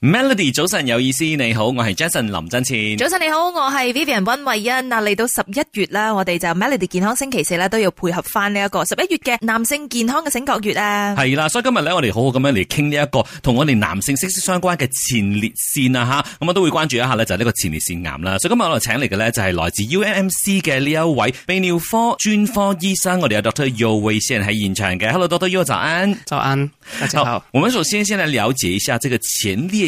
Melody 早晨有意思，你好，我係 Jason 林真前。早晨你好，我係 Vivian 溫慧欣。嗱，嚟到十一月啦，我哋就 Melody 健康星期四都要配合翻呢一個十一月嘅男性健康嘅醒覺月啊。係啦，所以今日咧，我哋好好咁樣嚟傾呢一個同我哋男性息息相關嘅前列腺啊吓。咁、嗯、我都會關注一下咧，就呢個前列腺癌啦。所以今日我哋請嚟嘅咧就係來自 U M M C 嘅呢一位泌尿科專科醫生，我哋有 Doctor Yau Wee Shyan 喺現場嘅。Hello，Doctor Yau，早安。早安，大家好，好。我們首先先嚟了解一下這個前列。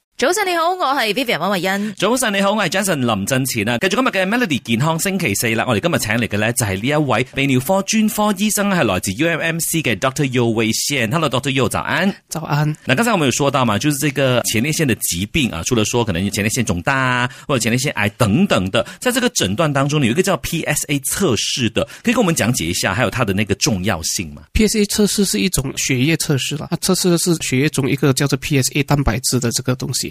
早晨你好，我係 Vivian 溫慧欣。早晨你好，我係 Jason 林振前啊。繼續今日嘅 Melody 健康星期四啦。我哋今日請嚟嘅咧就係呢一位泌尿科專科醫生係來自 UMMC 嘅 Doctor U 威線。Hello Doctor U，早安。早安。那剛才我們有說到嘛，就是這個前列腺的疾病啊，除了說可能前列腺腫大啊，或者前列腺癌等等的，在這個診斷當中，有一個叫 PSA 測試的，可以跟我們講解一下，還有它的那個重要性嘛？PSA 測試是一種血液測試啦，它測試的是血液中一個叫做 PSA 蛋白質的這個東西。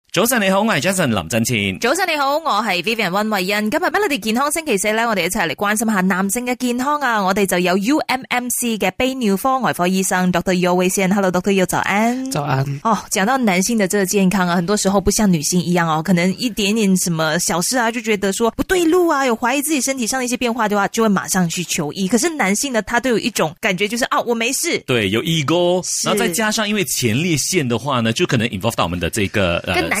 早晨你好，我係 Jason 林振千。早晨你好，我係 Vivian 溫慧欣。今日 Melody 健康星期四呢，我哋一齊嚟關心下男性嘅健康啊！我哋就有 UMMC 嘅泌尿科外科醫生 Doctor U 威先，Hello Doctor U，早安。早安。哦，講到男性的這個健康啊，很多時候不像女性一樣哦，可能一點點什麼小事啊，就覺得說不對路啊，有懷疑自己身體上一些變化嘅話，就會馬上去求醫。可是男性呢，他都有一種感覺，就是哦，我沒事。對，有 ego，然後再加上因為前列腺的話呢，就可能 involved 到我們的這個。呃跟男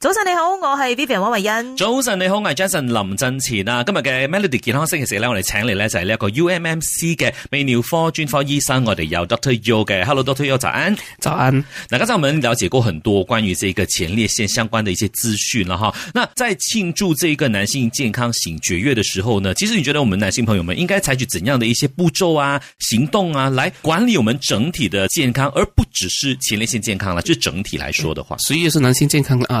早晨你好，我係 Vivian 王維恩。早晨你好，我係 Jason 林振前啊。今日嘅 Melody 健康星期四咧，我哋請嚟咧就係呢一個 U M M C 嘅泌尿科專科醫生，我哋有 Dr. Yoo 嘅。Hello，Dr. Yoo，早安。早安。嗱，剛才我們了解過很多關於這個前列腺相關的一些資訊啦，哈。那在慶祝這個男性健康醒覺月的時候呢，其實你覺得我們男性朋友們應該採取怎樣的一些步驟啊、行動啊，來管理我們整體的健康，而不只是前列腺健康啦、啊。就是、整體來說的話，十一月是男性健康嘅啊，